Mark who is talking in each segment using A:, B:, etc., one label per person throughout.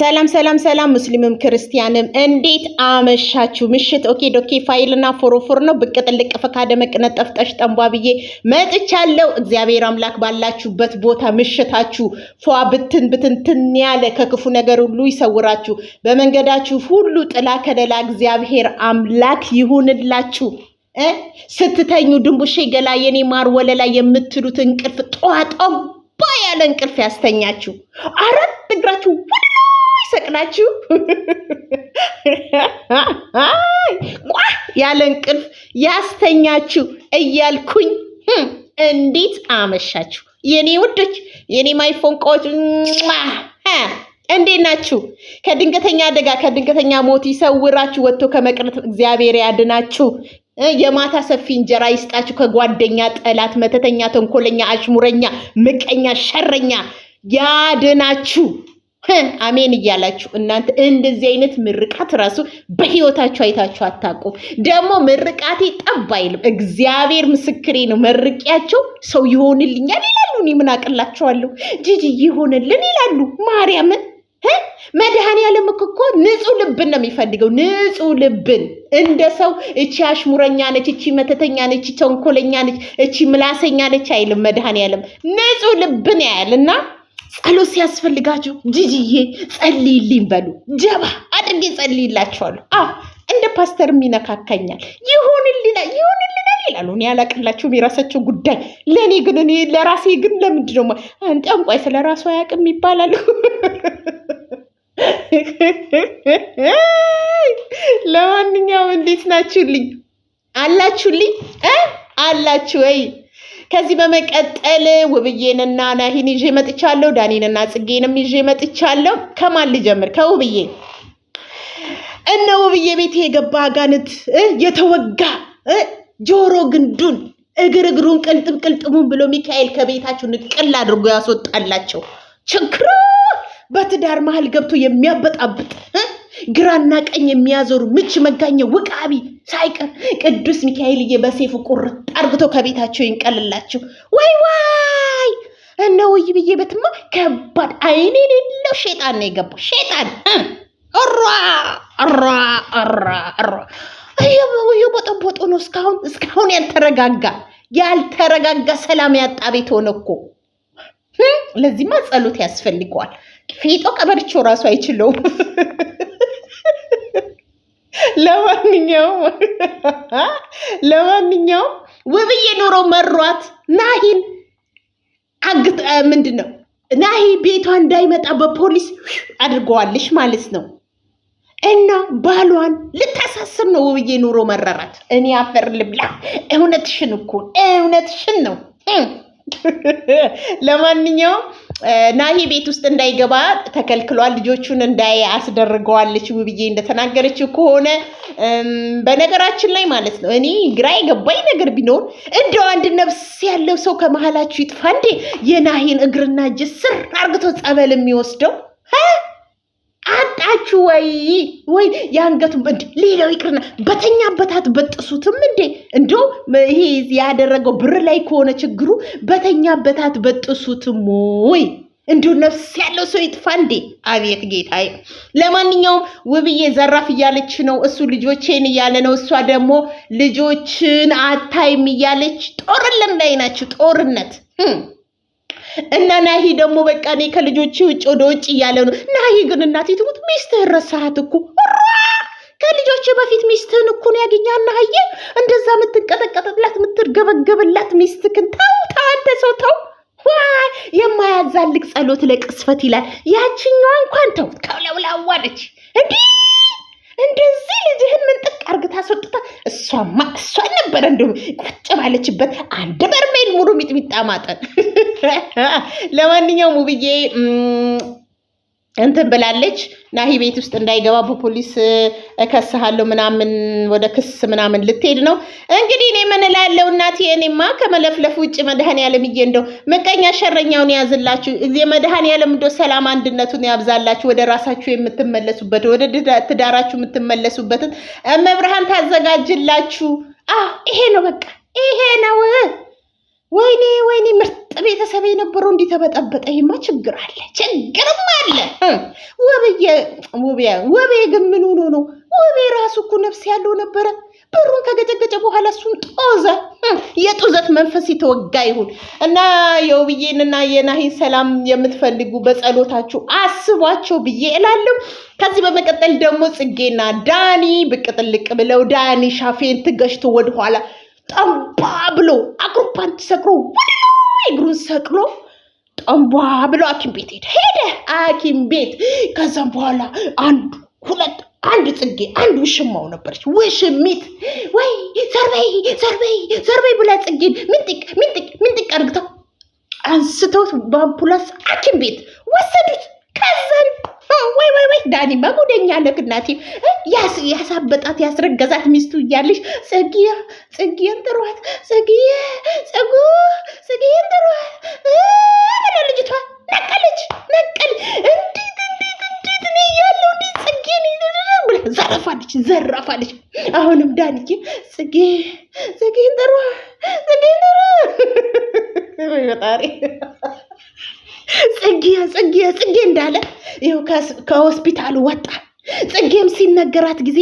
A: ሰላም ሰላም ሰላም፣ ሙስሊምም ክርስቲያንም እንዴት አመሻችሁ? ምሽት ኦኬ ዶኬ ፋይልና ፎሮፎር ነው ብቅ ጥልቅ ፈካ ደመቅ ጠሽ ጠንቧ ብዬ መጥቻለሁ። እግዚአብሔር አምላክ ባላችሁበት ቦታ ምሽታችሁ ፏ ብትን ብትንትን ያለ ከክፉ ነገር ሁሉ ይሰውራችሁ። በመንገዳችሁ ሁሉ ጥላ ከለላ እግዚአብሔር አምላክ ይሁንላችሁ። ስትተኙ ድንቡሼ ገላ የኔ ማር ወለላ የምትሉት እንቅልፍ ጠዋጠባ ያለ እንቅልፍ ያስተኛችሁ። አራት እግራችሁ አይሰቅናችሁ ቋ ያለ እንቅልፍ ያስተኛችሁ እያልኩኝ እንዴት አመሻችሁ የኔ ውዶች፣ የኔ ማይፎን ቆዎች እንዴት ናችሁ? ከድንገተኛ አደጋ ከድንገተኛ ሞት ይሰውራችሁ፣ ወጥቶ ከመቅረት እግዚአብሔር ያድናችሁ። የማታ ሰፊ እንጀራ ይስጣችሁ። ከጓደኛ ጠላት፣ መተተኛ፣ ተንኮለኛ፣ አሽሙረኛ፣ ምቀኛ፣ ሸረኛ ያድናችሁ። አሜን እያላችሁ እናንተ እንደዚህ አይነት ምርቃት ራሱ በህይወታችሁ አይታችሁ አታውቁም። ደግሞ ምርቃቴ ጠብ አይልም። እግዚአብሔር ምስክሬ ነው። መርቂያቸው ሰው ይሆንልኛል ይላሉ። እኔ ምን አቅላቸዋለሁ? ጂጂ ይሆንልን ይላሉ። ማርያምን መድኃኔዓለም እኮ ንጹህ ልብን ነው የሚፈልገው። ንጹህ ልብን እንደ ሰው እቺ አሽሙረኛ ነች፣ እቺ መተተኛ ነች፣ ተንኮለኛ ነች፣ እቺ ምላሰኛ ነች አይልም። መድኃኔዓለም ንጹህ ልብን ያያል እና ጸሎት ሲያስፈልጋችሁ ጂጂዬ ጸልይልኝ በሉ። ጀባ አድርጌ ጸልይላችኋለሁ። አ እንደ ፓስተር ይነካካኛል። ይሁንልና ይሁንልናል ይላሉ። እኔ አላቅላችሁም፣ የራሳቸው ጉዳይ። ለእኔ ግን እኔ ለራሴ ግን ለምንድን ነው ጠንቋይ ስለ ራሱ አያውቅም ይባላል። ለማንኛውም እንዴት ናችሁልኝ? አላችሁልኝ? አላችሁ ወይ? ከዚህ በመቀጠል ውብዬንና ናሂን ይዤ መጥቻለሁ። ዳኒንና ጽጌንም ይዤ መጥቻለሁ። ከማን ልጀምር? ከውብዬ እነ ውብዬ ቤት የገባ አጋንት የተወጋ ጆሮ ግንዱን እግር እግሩን ቅልጥም ቅልጥሙን ብሎ ሚካኤል ከቤታችሁ ንቅል አድርጎ ያስወጣላቸው ችግሩ በትዳር መሀል ገብቶ የሚያበጣብጥ ግራና ቀኝ የሚያዞሩ ምች መጋኘ ውቃቢ ሳይቀር ቅዱስ ሚካኤልዬ በሴፉ ቁርጥ አርግቶ ከቤታቸው ይንቀልላቸው። ወይ ወይ እነውይ ብዬ በትማ ከባድ አይኔ የለው ሼጣን ነው የገባው ሼጣን ራ ራ ነው እስካሁን እስካሁን ያልተረጋጋ ያልተረጋጋ ሰላም ያጣ ቤት ሆነ እኮ። ለዚህማ ጸሎት ያስፈልገዋል። ፌጦ ቀበርቾ ራሱ አይችለውም። ለማንኛውም ለማንኛውም ውብዬ ኑሮ መሯት ናሂን አግት ምንድን ነው ናሂ ቤቷ እንዳይመጣ በፖሊስ አድርገዋለች ማለት ነው። እና ባሏን ልታሳስር ነው። ውብዬ ኑሮ መረራት። እኔ አፈር ልብላ። እውነትሽን እኮ እውነትሽን ነው። ለማንኛውም ናሂ ቤት ውስጥ እንዳይገባ ተከልክሏል። ልጆቹን እንዳይ አስደርገዋለች ውብዬ እንደተናገረችው ከሆነ በነገራችን ላይ ማለት ነው እኔ ግራ የገባኝ ነገር ቢኖር እንደው አንድ ነፍስ ያለው ሰው ከመሀላችሁ ይጥፋ እንዴ የናሂን እግርና እጅ ስር አርግቶ ጸበል የሚወስደው ሰማሽ ወይ? ወይ የአንገቱን እንደ ሌላው ይቅርና በተኛበት በጥሱትም እንዴ? እንዶ ይሄ ያደረገው ብር ላይ ከሆነ ችግሩ በተኛበት በጥሱትም ወይ? እንዲሁ ነፍስ ያለው ሰው ይጥፋ እንዴ? አቤት ጌታዬ። ለማንኛውም ውብዬ ዘራፍ እያለች ነው፣ እሱ ልጆቼን እያለ ነው፣ እሷ ደግሞ ልጆችን አታይም እያለች ጦርነት ላይ ናቸው። ጦርነት እና ናሂ ደግሞ በቃ እኔ ከልጆች ውጭ ወደ ውጭ እያለ ነው። ናሂ ግን እናቴ ትሙት ሚስትህ ረሳሃት እኮ ከልጆች በፊት ሚስትህን እኮ ነው ያገኛ ናሂዬ እንደዛ የምትንቀጠቀጥላት የምትርገበገብላት ሚስትክን ተው፣ አንተ ሰው ተው። ዋይ የማያዛልቅ ጸሎት ለቅስፈት ይላል። ያችኛዋ እንኳን ተው፣ ከውለውላዋ ነች። እንዲህ እንደዚህ ልጅህን ምን ጥቅ አርግታ አስወጥታ እሷማ እሷን ነበረ እንደውም ቁጭ ባለችበት አንድ በርሜል ሙሉ ሚጥሚጣ ማጠን ለማንኛውም ውብዬ እንትን ብላለች ናሂ ቤት ውስጥ እንዳይገባ በፖሊስ እከስሃለሁ ምናምን ወደ ክስ ምናምን ልትሄድ ነው እንግዲህ። እኔ ምን እላለሁ እናቴ፣ እኔማ ከመለፍለፍ ውጭ መድኃኔዓለም እዬ እንደው ምቀኛ ሸረኛውን ያዝላችሁ እዚህ መድኃኔዓለም እንደው ሰላም አንድነቱን ያብዛላችሁ፣ ወደ ራሳችሁ የምትመለሱበት ወደ ትዳራችሁ የምትመለሱበትን መብርሃን ታዘጋጅላችሁ። አዎ ይሄ ነው በቃ ይሄ ነው። ወይኔ ወይኔ ምርጥ ቤተሰብ የነበረው እንዲህ ተበጠበጠ። ይማ ችግር አለ፣ ችግርም አለ። ወብዬ ወቤ ግን ምን ሆኖ ነው? ወቤ ራሱ እኮ ነፍስ ያለው ነበረ። ብሩን ከገጨገጨ በኋላ እሱን ጦዘ። የጡዘት መንፈስ የተወጋ ይሁን እና የውብዬንና የናሂን ሰላም የምትፈልጉ በጸሎታችሁ አስቧቸው ብዬ እላለሁ። ከዚህ በመቀጠል ደግሞ ጽጌና ዳኒ ብቅ ጥልቅ ብለው ዳኒ ሻፌን ትገሽቶ ወደኋላ ጠንቧ ብሎ አክሮፓንት ሰክሮ ወደላ እግሩን ሰቅሎ ጠንቧ ብሎ ሐኪም ቤት ሄደ ሄደ ሐኪም ቤት። ከዛም በኋላ አንዱ ሁለት አንድ ጽጌ አንድ ውሽማው ነበረች ውሽሚት ወይ ሰርበይ ሰርበይ ሰርበይ ብላ ጽጌን ምንጥቅ ምንጥቅ ምንጥቅ አድርግተው አንስተውት በአምፑላስ ሐኪም ቤት ወሰዱት። ዳኒማ ጉደኛ ነህ እናቴ። ያሳበጣት ያስረገዛት ሚስቱ እያለሽ ጽጌ ጽጌን ጥሯት፣ ጽጌ ጸጉ ጽጌን ጥሯት ብላ ልጅቷ ነቀለች። ነቀል እንዴት እንዴት እንዴት እኔ እያለሁ እንዴት ጽጌን ብላ ዘረፋለች፣ አሁንም ዳንዬ ጽጌ ጽጌን ጥሯ፣ ጽጌን ጥሯ ወይ ፈጣሪ ጽጌያ ጽጌያ ጽጌ እንዳለ ይኸው ከሆስፒታሉ ወጣ። ጽጌም ሲነገራት ጊዜ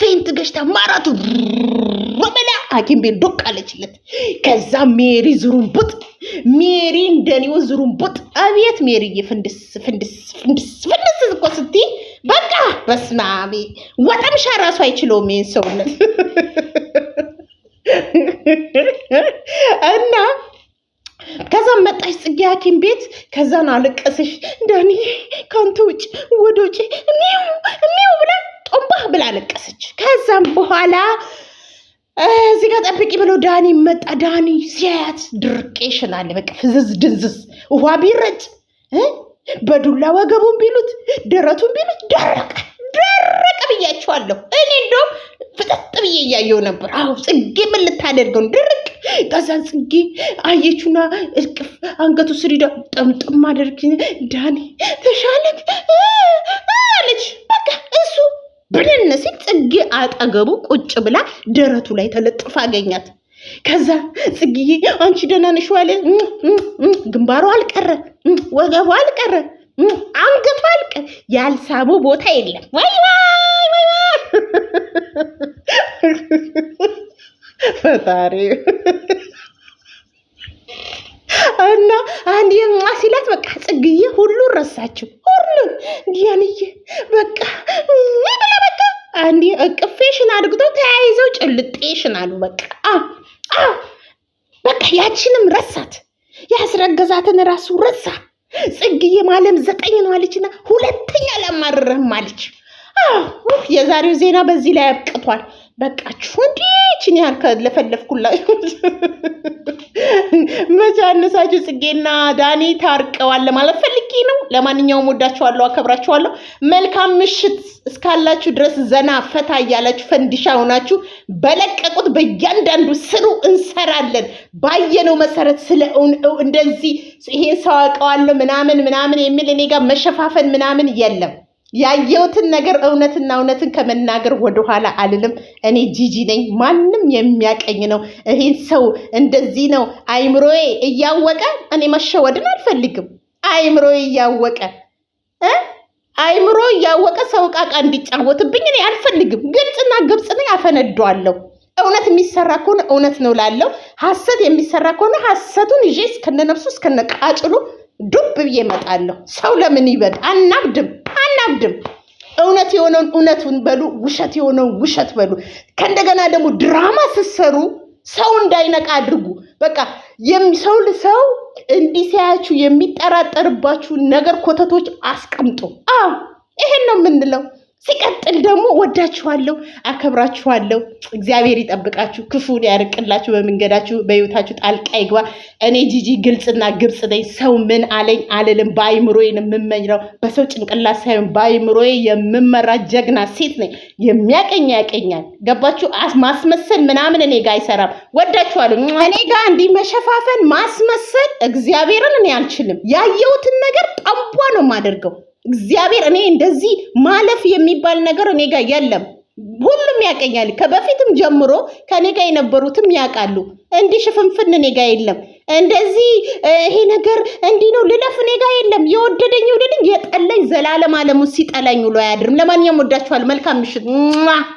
A: ፌንት ገሽታ ማራቱ በላ ሐኪም ቤት ዶቅ አለችለት። ከዛ ሜሪ ዙሩን ቡጥ ሜሪ እንደኔው ቡጥ አብየት ሜሪዬ ፍንድስ ፍንድስ ፍንድስ ፍንድስ እኮ ስቲ በቃ በስማሜ ወጠምሻ ራሱ አይችለውም ይህን ሰውነት እና ጽጌ ሐኪም ቤት ከዛን አለቀስሽ ዳኒ ከአንተ ውጭ ወደ ውጭ እሚው እሚው ብላ ጦምባ ብላ አለቀሰች። ከዛም በኋላ እዚህ ጋር ጠብቂ ብሎ ዳኒ መጣ። ዳኒ ሲያያት ድርቄሽን አለ በቃ ፍዝዝ ድንዝዝ ውሃ ቢረጭ በዱላ ወገቡን ቢሉት ደረቱን ቢሉት ደረቀ ደረቀ። ብያቸዋለሁ። እኔ እንደውም ፍጠጥ ብዬ እያየው ነበር። አሁ ጽጌ ምን ልታደርገው ድርቅ። ከዛን ጽጌ አየችና እቅፍ አንገቱ ስሪዳ ጠምጥም አደርግ ዳኒ ተሻለክ አለች። በቃ እሱ ብንን ሲል ጽጌ አጠገቡ ቁጭ ብላ ደረቱ ላይ ተለጥፋ አገኛት። ከዛ ጽጌዬ አንቺ ደህና ነሽ ዋለ። ግንባሩ አልቀረ፣ ወገቡ አልቀረ፣ አንገቱ አልቀረ፣ ያልሳቡ ቦታ የለም። ዋይ ዋይ ፈጣሪ እና አንድ የማ ሲላት በቃ ጽግዬ ሁሉ ረሳችው። ሁሉ ዲያንዬ በቃ ብላ በቃ አንድ እቅፌሽን አድግቶ ተያይዘው ጭልጤሽን አሉ። በቃ በቃ ያችንም ረሳት፣ ያስረገዛትን ራሱ ረሳ። ጽግዬ ማለም ዘጠኝ ነው አለችና ሁለተኛ ለማርረም አለች። የዛሬው ዜና በዚህ ላይ አብቅቷል። በቃችሁ እንዴ? ይችን ያህል ለፈለፍኩላችሁ። መቼ አነሳችሁ? ጽጌና ዳኒ ታርቀዋል ለማለት ፈልጌ ነው። ለማንኛውም ወዳችኋለሁ፣ አከብራችኋለሁ። መልካም ምሽት እስካላችሁ ድረስ ዘና ፈታ እያላችሁ ፈንዲሻ ሆናችሁ በለቀቁት በእያንዳንዱ ስሩ እንሰራለን ባየነው መሰረት ስለ እንደዚህ ይሄን ሰው አውቀዋለሁ ምናምን ምናምን የሚል እኔ ጋር መሸፋፈን ምናምን የለም። ያየሁትን ነገር እውነትና እውነትን ከመናገር ወደኋላ አልልም። እኔ ጂጂ ነኝ። ማንም የሚያቀኝ ነው። ይሄን ሰው እንደዚህ ነው አይምሮዬ እያወቀ እኔ መሸወድን አልፈልግም። አይምሮዬ እያወቀ አይምሮ እያወቀ ሰው ቃቃ እንዲጫወትብኝ እኔ አልፈልግም። ግልጽና ግብጽ ነኝ። አፈነዷለሁ። እውነት የሚሰራ ከሆነ እውነት ነው ላለው፣ ሀሰት የሚሰራ ከሆነ ሀሰቱን ይዤ እስከነነፍሱ እስከነቃጭሉ ዱብ ብዬ እመጣለሁ። ሰው ለምን ይበድ? አናብድም አናብድም። እውነት የሆነውን እውነቱን በሉ፣ ውሸት የሆነውን ውሸት በሉ። ከእንደገና ደግሞ ድራማ ስትሰሩ ሰው እንዳይነቃ አድርጉ። በቃ ሰው ልሰው እንዲህ ሲያያችሁ የሚጠራጠርባችሁ ነገር ኮተቶች አስቀምጡ። አዎ ይሄን ነው የምንለው። ሲቀጥል ደግሞ ወዳችኋለሁ፣ አከብራችኋለሁ። እግዚአብሔር ይጠብቃችሁ፣ ክፉን ያርቅላችሁ፣ በመንገዳችሁ በህይወታችሁ ጣልቃ ይግባ። እኔ ጂጂ ግልጽና ግብጽ ነኝ። ሰው ምን አለኝ አልልም። በአይምሮዬን የምመኝ ነው። በሰው ጭንቅላት ሳይሆን በአይምሮዬ የምመራ ጀግና ሴት ነኝ። የሚያቀኝ ያቀኛል። ገባችሁ? ማስመሰል ምናምን እኔ ጋ አይሰራም። ወዳችኋለሁ። እኔ ጋር እንዲህ መሸፋፈን፣ ማስመሰል እግዚአብሔርን እኔ አልችልም። ያየሁትን ነገር ጠንቧ ነው የማደርገው። እግዚአብሔር እኔ እንደዚህ ማለፍ የሚባል ነገር እኔ ጋር የለም። ሁሉም ያቀኛል። ከበፊትም ጀምሮ ከኔ ጋር የነበሩትም ያውቃሉ። እንዲህ ሽፍንፍን እኔ ጋር የለም። እንደዚህ ይሄ ነገር እንዲህ ነው ልለፍ እኔ ጋር የለም። የወደደኝ የወደደኝ፣ የጠላኝ ዘላለም አለሙ ሲጠላኝ ውሎ አያድርም። ለማንኛውም ወዳችኋል። መልካም ምሽት